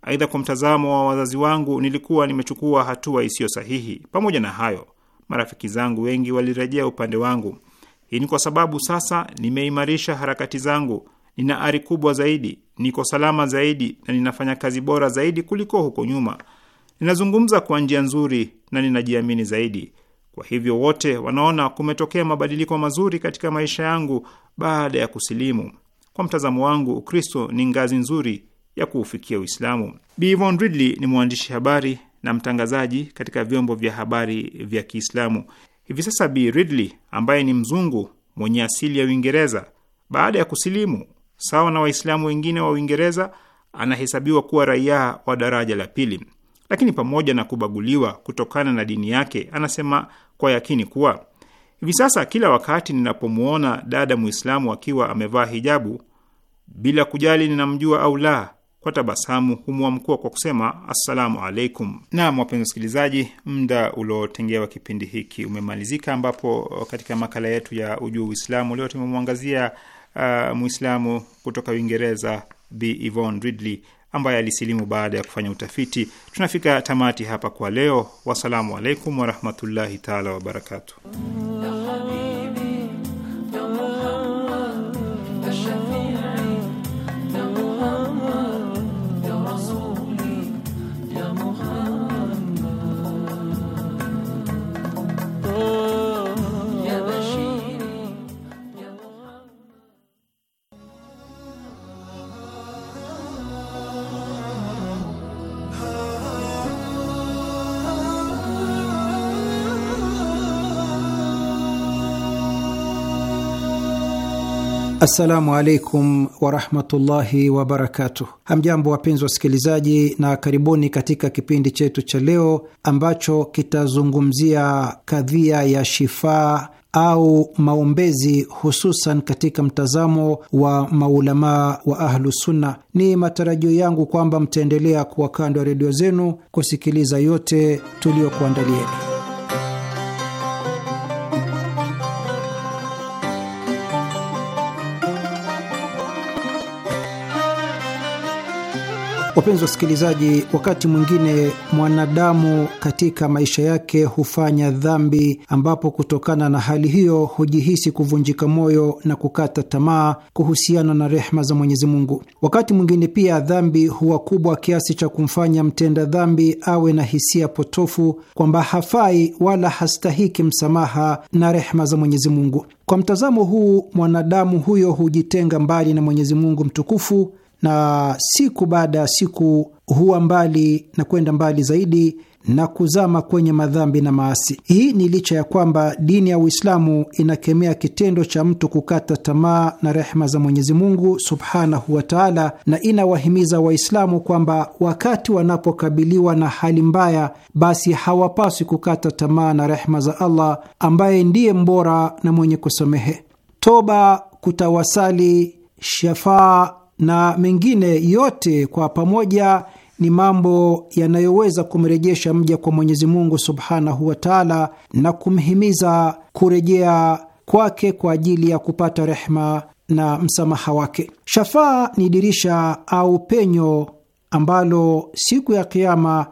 Aidha, kwa mtazamo wa wazazi wangu, nilikuwa nimechukua hatua isiyo sahihi. Pamoja na hayo, marafiki zangu wengi walirejea upande wangu. Hii ni kwa sababu sasa nimeimarisha harakati zangu, nina ari kubwa zaidi, niko salama zaidi na ninafanya kazi bora zaidi kuliko huko nyuma. Ninazungumza kwa njia nzuri na ninajiamini zaidi. Kwa hivyo wote wanaona kumetokea mabadiliko mazuri katika maisha yangu baada ya kusilimu. Kwa mtazamo wangu, Ukristo ni ngazi nzuri ya kuufikia Uislamu. Bi Ridley ni mwandishi habari na mtangazaji katika vyombo vya habari vya Kiislamu. Hivi sasa Bi Ridley ambaye ni mzungu mwenye asili ya Uingereza, baada ya kusilimu, sawa na Waislamu wengine wa Uingereza, anahesabiwa kuwa raia wa daraja la pili, lakini pamoja na kubaguliwa kutokana na dini yake, anasema kwa yakini kuwa hivi sasa kila wakati ninapomwona dada Mwislamu akiwa amevaa hijabu, bila kujali ninamjua au la, kwa tabasamu humwamkua kwa kusema assalamu alaikum. Naam, wapenzi wasikilizaji, muda uliotengewa kipindi hiki umemalizika, ambapo katika makala yetu ya ujuu Uislamu leo tumemwangazia uh, Muislamu kutoka Uingereza Bi Yvonne Ridley ambaye alisilimu baada ya kufanya utafiti. Tunafika tamati hapa kwa leo. Wassalamu alaikum warahmatullahi taala wabarakatuh. Assalamu alaikum warahmatullahi wabarakatuh. Hamjambo wapenzi wasikilizaji, na karibuni katika kipindi chetu cha leo ambacho kitazungumzia kadhia ya shifaa au maombezi hususan katika mtazamo wa maulamaa wa Ahlusunna. Ni matarajio yangu kwamba mtaendelea kuwa kando ya redio zenu kusikiliza yote tuliyokuandalieni. Wapenzi wasikilizaji, wakati mwingine mwanadamu katika maisha yake hufanya dhambi, ambapo kutokana na hali hiyo hujihisi kuvunjika moyo na kukata tamaa kuhusiana na rehma za Mwenyezi Mungu. Wakati mwingine pia dhambi huwa kubwa kiasi cha kumfanya mtenda dhambi awe na hisia potofu kwamba hafai wala hastahiki msamaha na rehma za Mwenyezi Mungu. Kwa mtazamo huu, mwanadamu huyo hujitenga mbali na Mwenyezi Mungu mtukufu na siku baada ya siku huwa mbali na kwenda mbali zaidi na kuzama kwenye madhambi na maasi. Hii ni licha ya kwamba dini ya Uislamu inakemea kitendo cha mtu kukata tamaa na rehema za Mwenyezi Mungu subhanahu wa taala, na inawahimiza Waislamu kwamba wakati wanapokabiliwa na hali mbaya, basi hawapaswi kukata tamaa na rehema za Allah ambaye ndiye mbora na mwenye kusamehe. Toba, kutawasali, shafaa na mengine yote kwa pamoja ni mambo yanayoweza kumrejesha mja kwa Mwenyezi Mungu subhanahu wa taala na kumhimiza kurejea kwake kwa ajili ya kupata rehma na msamaha wake. Shafaa ni dirisha au penyo ambalo siku ya Kiama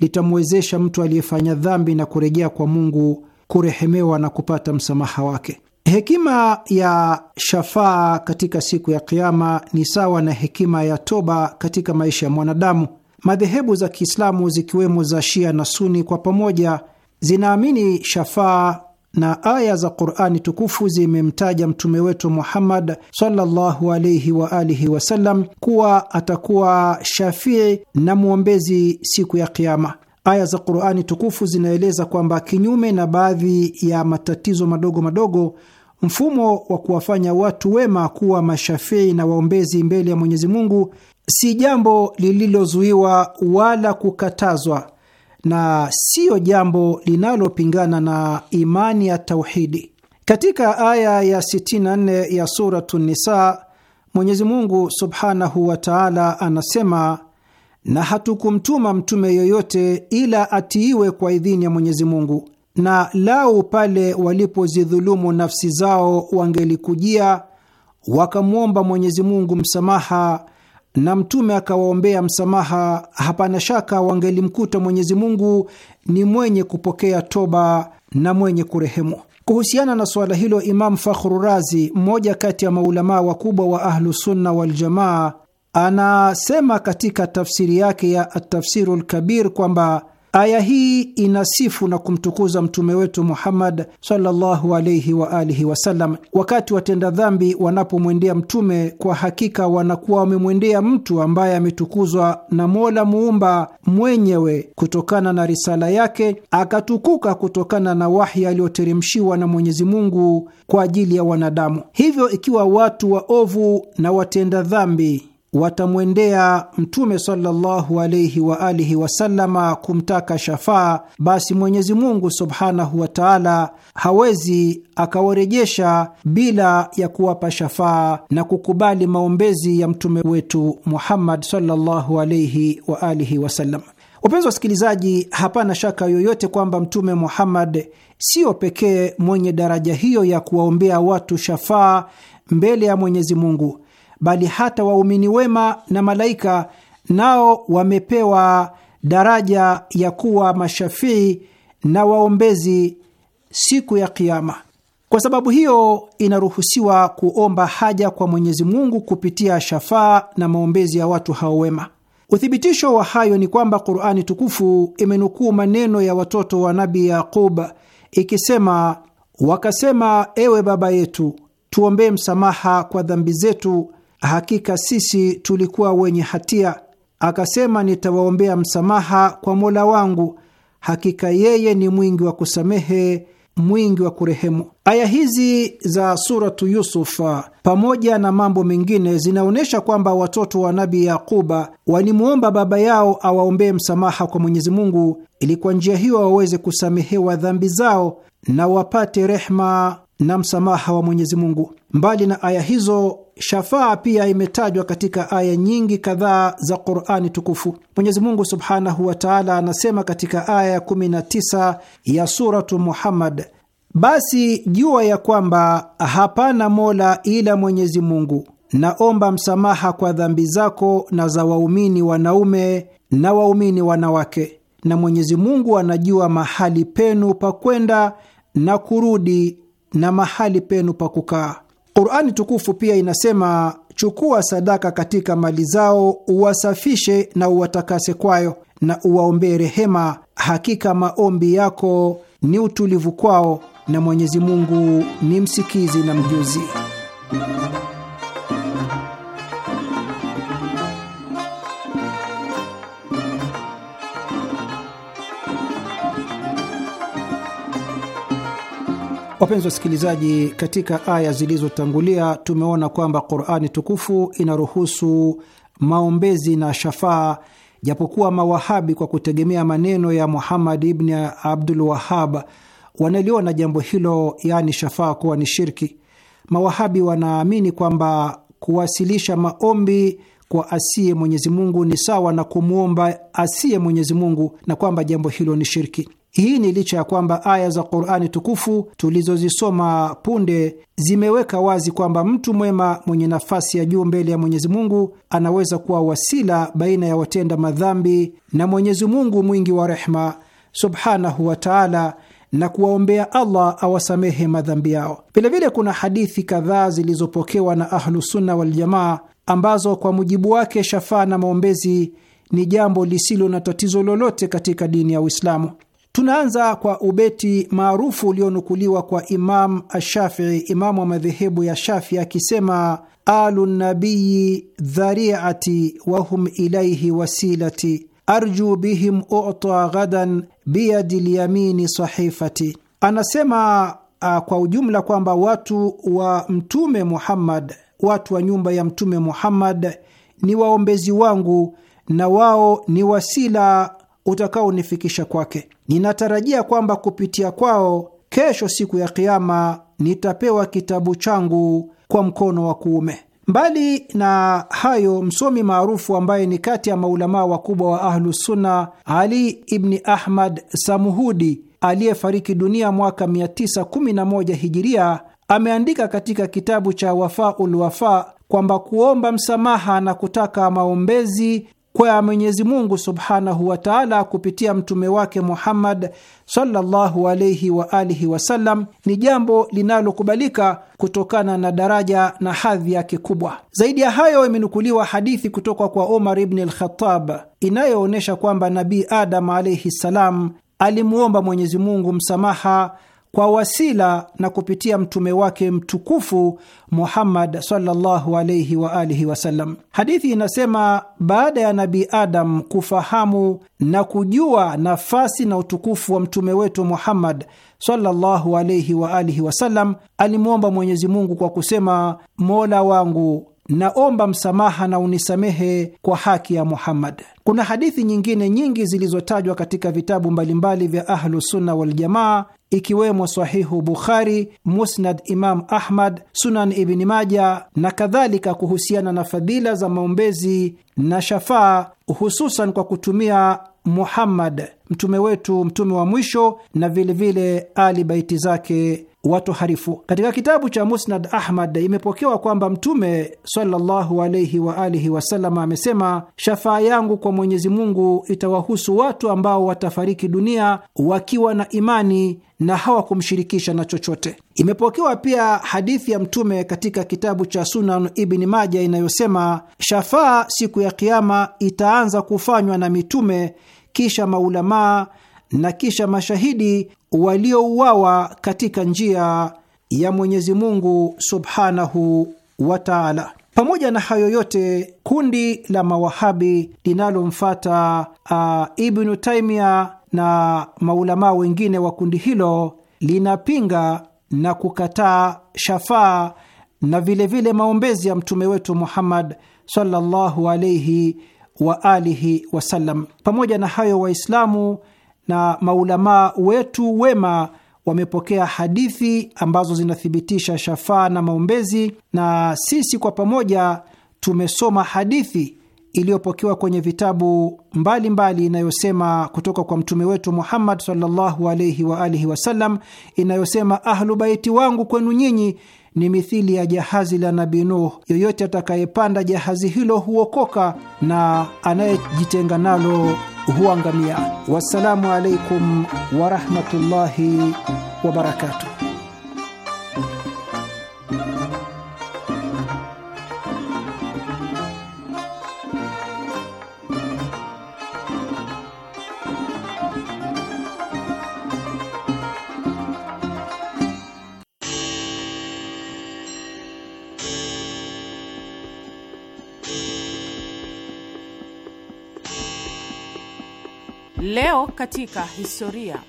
litamwezesha mtu aliyefanya dhambi na kurejea kwa Mungu kurehemewa na kupata msamaha wake. Hekima ya shafaa katika siku ya Kiama ni sawa na hekima ya toba katika maisha ya mwanadamu. Madhehebu za Kiislamu zikiwemo za Shia na Suni kwa pamoja zinaamini shafaa na aya za Qurani tukufu zimemtaja mtume wetu Muhammad sallallahu alaihi wa alihi wasallam kuwa atakuwa shafii na mwombezi siku ya Kiama. Aya za Qurani tukufu zinaeleza kwamba kinyume na baadhi ya matatizo madogo madogo, mfumo wa kuwafanya watu wema kuwa mashafii na waombezi mbele ya Mwenyezi Mungu si jambo lililozuiwa wala kukatazwa na siyo jambo linalopingana na imani ya tauhidi. Katika aya ya 64 ya Suratu Nisa, Mwenyezi Mungu subhanahu wa taala anasema na hatukumtuma mtume yoyote ila atiiwe kwa idhini ya Mwenyezi Mungu, na lau pale walipozidhulumu nafsi zao wangelikujia wakamwomba Mwenyezi Mungu msamaha na mtume akawaombea msamaha, hapana shaka wangelimkuta Mwenyezi Mungu ni mwenye kupokea toba na mwenye kurehemu. Kuhusiana na suala hilo, imamu Fakhru Razi, mmoja kati ya maulamaa wakubwa wa Ahlusunna Waljamaa, Anasema katika tafsiri yake ya Atafsiru Lkabir kwamba aya hii inasifu na kumtukuza mtume wetu Muhammad sallallahu alaihi wa alihi wasallam. Wakati watenda dhambi wanapomwendea mtume, kwa hakika wanakuwa wamemwendea mtu ambaye ametukuzwa na Mola muumba mwenyewe kutokana na risala yake, akatukuka kutokana na wahi aliyoteremshiwa na Mwenyezi Mungu kwa ajili ya wanadamu. Hivyo ikiwa watu waovu na watenda dhambi watamwendea Mtume sallallahu alaihi wa alihi wasalama kumtaka shafaa, basi Mwenyezi Mungu subhanahu wa taala hawezi akawarejesha bila ya kuwapa shafaa na kukubali maombezi ya mtume wetu Muhammad sallallahu alaihi wa alihi wasallam. Wapenzi wasikilizaji, hapana shaka yoyote kwamba Mtume Muhammad siyo pekee mwenye daraja hiyo ya kuwaombea watu shafaa mbele ya Mwenyezi Mungu bali hata waumini wema na malaika nao wamepewa daraja ya kuwa mashafii na waombezi siku ya Kiama. Kwa sababu hiyo, inaruhusiwa kuomba haja kwa Mwenyezi Mungu kupitia shafaa na maombezi ya watu hao wema. Uthibitisho wa hayo ni kwamba Qurani tukufu imenukuu maneno ya watoto wa Nabi Yaqub ikisema, wakasema: ewe baba yetu, tuombee msamaha kwa dhambi zetu hakika sisi tulikuwa wenye hatia. Akasema, nitawaombea msamaha kwa Mola wangu, hakika yeye ni mwingi wa kusamehe mwingi wa kurehemu. Aya hizi za Suratu Yusuf pamoja na mambo mengine zinaonyesha kwamba watoto wa Nabi Yaquba walimwomba baba yao awaombee msamaha kwa Mwenyezi Mungu ili kwa njia hiyo waweze kusamehewa dhambi zao na wapate rehma na msamaha wa Mwenyezi Mungu. Mbali na aya hizo, shafaa pia imetajwa katika aya nyingi kadhaa za Qurani Tukufu. Mwenyezi Mungu subhanahu wa taala anasema katika aya ya 19 ya Suratu Muhammad, basi jua ya kwamba hapana mola ila Mwenyezi Mungu, naomba msamaha kwa dhambi zako na za waumini wanaume na waumini wanawake, na Mwenyezi Mungu anajua mahali penu pa kwenda na kurudi na mahali penu pa kukaa Qurani tukufu pia inasema, chukua sadaka katika mali zao, uwasafishe na uwatakase kwayo, na uwaombee rehema. Hakika maombi yako ni utulivu kwao, na Mwenyezi Mungu ni msikizi na mjuzi. Wapenzi wasikilizaji, katika aya zilizotangulia tumeona kwamba Qurani tukufu inaruhusu maombezi na shafaa, japokuwa mawahabi kwa kutegemea maneno ya Muhammad ibni Abdul Wahab wanaliona jambo hilo, yaani shafaa, kuwa ni shirki. Mawahabi wanaamini kwamba kuwasilisha maombi kwa asiye Mwenyezi Mungu ni sawa na kumwomba asiye Mwenyezi Mungu na kwamba jambo hilo ni shirki. Hii ni licha ya kwamba aya za Qur'ani tukufu tulizozisoma punde zimeweka wazi kwamba mtu mwema mwenye nafasi ya juu mbele ya Mwenyezi Mungu anaweza kuwa wasila baina ya watenda madhambi na Mwenyezi Mungu mwingi wa rehma subhanahu wa ta'ala na kuwaombea Allah awasamehe madhambi yao. Vilevile kuna hadithi kadhaa zilizopokewa na Ahlusunna Waljamaa ambazo kwa mujibu wake shafaa na maombezi ni jambo lisilo na tatizo lolote katika dini ya Uislamu. Tunaanza kwa ubeti maarufu ulionukuliwa kwa Imam Ashafii, imamu wa madhehebu ya Shafii, akisema alu nabiyi dhariati wahum ilaihi wasilati arju bihim uta ghadan biyadi lyamini sahifati. Anasema a, ah, kwa ujumla kwamba watu wa Mtume Muhammad, watu wa nyumba ya Mtume Muhammad ni waombezi wangu na wao ni wasila utakaonifikisha kwake. Ninatarajia kwamba kupitia kwao kesho, siku ya Kiama, nitapewa kitabu changu kwa mkono wa kuume. Mbali na hayo, msomi maarufu ambaye ni kati ya maulamaa wakubwa wa Ahlusunna, Ali ibni Ahmad Samuhudi aliyefariki dunia mwaka 911 hijiria ameandika katika kitabu cha wafaulwafa kwamba kuomba msamaha na kutaka maombezi kwa Mwenyezi Mungu subhanahu wa taala kupitia mtume wake Muhammad sallallahu alaihi wa alihi wasallam ni jambo linalokubalika kutokana na daraja na hadhi yake kubwa. Zaidi ya hayo, imenukuliwa hadithi kutoka kwa Omar ibni Lkhatab inayoonyesha kwamba Nabii Adam alaihi ssalam alimwomba Mwenyezi Mungu msamaha kwa wasila na kupitia mtume wake mtukufu Muhammad sallallahu alayhi wa alihi wasallam. Hadithi inasema baada ya nabi Adam kufahamu na kujua nafasi na utukufu wa mtume wetu Muhammad sallallahu alayhi wa alihi wasallam, alimwomba Mwenyezi Mungu kwa kusema, mola wangu naomba msamaha na unisamehe kwa haki ya Muhammad. Kuna hadithi nyingine nyingi zilizotajwa katika vitabu mbalimbali vya Ahlusunna Waljamaa, ikiwemo Sahihu Bukhari, Musnad Imam Ahmad, Sunan Ibni Maja na kadhalika, kuhusiana na fadhila za maombezi na shafaa, hususan kwa kutumia Muhammad mtume wetu, mtume wa mwisho, na vilevile vile Ali baiti zake watoharifu. Katika kitabu cha Musnad Ahmad imepokewa kwamba Mtume sallallahu alaihi wa alihi wasallam amesema, shafaa yangu kwa Mwenyezi Mungu itawahusu watu ambao watafariki dunia wakiwa na imani na hawakumshirikisha na chochote. Imepokewa pia hadithi ya Mtume katika kitabu cha Sunan Ibni Maja inayosema, shafaa siku ya Kiama itaanza kufanywa na mitume, kisha maulamaa na kisha mashahidi waliouawa katika njia ya Mwenyezi Mungu subhanahu wa taala. Pamoja na hayo yote, kundi la mawahabi linalomfata uh, Ibnu Taimia na maulamaa wengine wa kundi hilo linapinga na kukataa shafaa na vilevile vile maombezi ya mtume wetu Muhammad sallallahu alaihi wa alihi wasallam. Pamoja na hayo, Waislamu na maulamaa wetu wema wamepokea hadithi ambazo zinathibitisha shafaa na maombezi, na sisi kwa pamoja tumesoma hadithi iliyopokewa kwenye vitabu mbalimbali inayosema kutoka kwa mtume wetu Muhammad sallallahu alaihi wa alihi wasallam, inayosema ahlu baiti wangu kwenu nyinyi ni mithili ya jahazi la Nabii Nuh, yoyote atakayepanda jahazi hilo huokoka na anayejitenga nalo huangamia. Wassalamu alaikum warahmatullahi wabarakatuh. Leo katika historia.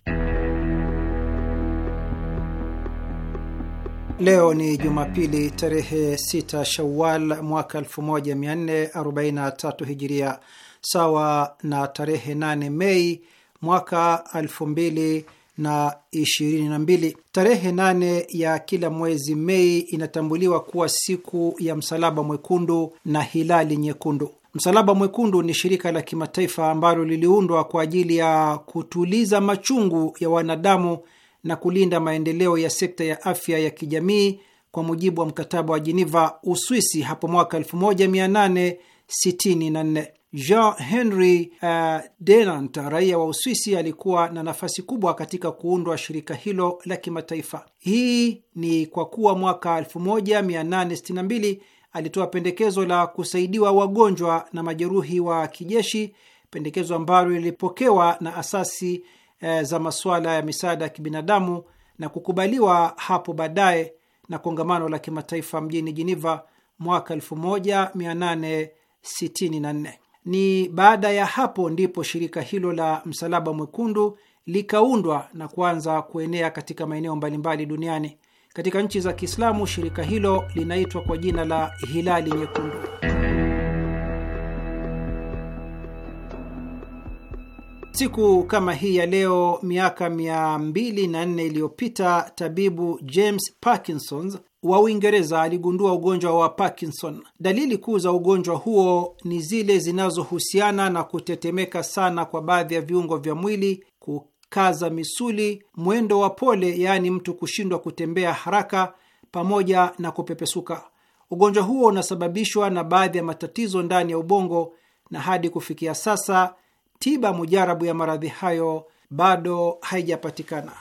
Leo ni Jumapili, tarehe 6 Shawal mwaka 1443 Hijiria, sawa na tarehe 8 Mei mwaka 2022. Tarehe 8 ya kila mwezi Mei inatambuliwa kuwa siku ya Msalaba Mwekundu na Hilali Nyekundu. Msalaba Mwekundu ni shirika la kimataifa ambalo liliundwa kwa ajili ya kutuliza machungu ya wanadamu na kulinda maendeleo ya sekta ya afya ya kijamii kwa mujibu wa mkataba wa Jiniva, Uswisi, hapo mwaka 1864. Jean Henry uh, Denant, raia wa Uswisi, alikuwa na nafasi kubwa katika kuundwa shirika hilo la kimataifa. Hii ni kwa kuwa mwaka 1862 alitoa pendekezo la kusaidiwa wagonjwa na majeruhi wa kijeshi, pendekezo ambalo lilipokewa na asasi e, za masuala ya misaada ya kibinadamu na kukubaliwa hapo baadaye na kongamano la kimataifa mjini Geneva mwaka 1864. Ni baada ya hapo ndipo shirika hilo la Msalaba Mwekundu likaundwa na kuanza kuenea katika maeneo mbalimbali duniani. Katika nchi za Kiislamu shirika hilo linaitwa kwa jina la Hilali Nyekundu. Siku kama hii ya leo miaka 204 iliyopita tabibu James Parkinson wa Uingereza aligundua ugonjwa wa Parkinson. Dalili kuu za ugonjwa huo ni zile zinazohusiana na kutetemeka sana kwa baadhi ya viungo vya mwili, ku kaza misuli, mwendo wa pole, yaani mtu kushindwa kutembea haraka, pamoja na kupepesuka. Ugonjwa huo unasababishwa na baadhi ya matatizo ndani ya ubongo, na hadi kufikia sasa tiba mujarabu ya maradhi hayo bado haijapatikana.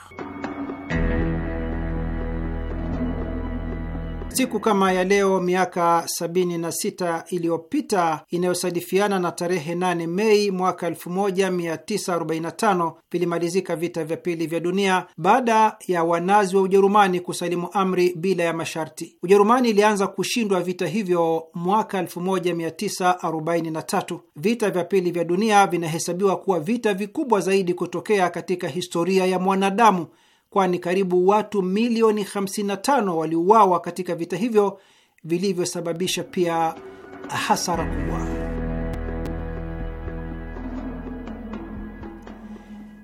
Siku kama ya leo miaka 76 iliyopita inayosadifiana na tarehe 8 Mei mwaka 1945 vilimalizika vita vya pili vya dunia baada ya wanazi wa Ujerumani kusalimu amri bila ya masharti. Ujerumani ilianza kushindwa vita hivyo mwaka 1943. Vita vya pili vya dunia vinahesabiwa kuwa vita vikubwa zaidi kutokea katika historia ya mwanadamu kwani karibu watu milioni 55 waliuawa katika vita hivyo vilivyosababisha pia hasara kubwa.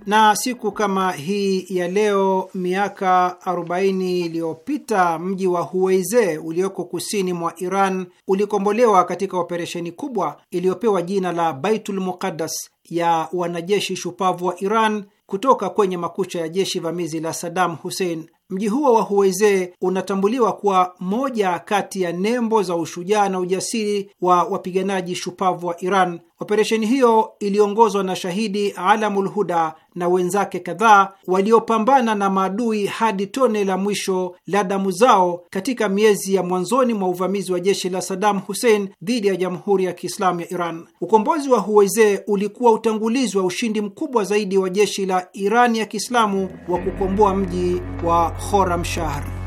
Na siku kama hii ya leo miaka 40 iliyopita mji wa Huweize ulioko kusini mwa Iran ulikombolewa katika operesheni kubwa iliyopewa jina la Baitul Muqaddas ya wanajeshi shupavu wa Iran kutoka kwenye makucha ya jeshi vamizi la Saddam Hussein. Mji huo wa huweze unatambuliwa kuwa moja kati ya nembo za ushujaa na ujasiri wa wapiganaji shupavu wa Iran. Operesheni hiyo iliongozwa na shahidi Alamul Huda na wenzake kadhaa waliopambana na maadui hadi tone la mwisho la damu zao katika miezi ya mwanzoni mwa uvamizi wa jeshi la Saddam Hussein dhidi ya Jamhuri ya Kiislamu ya Iran. Ukombozi wa Huweze ulikuwa utangulizi wa ushindi mkubwa zaidi wa jeshi la Irani ya Kiislamu wa kukomboa mji wa Khorramshahr.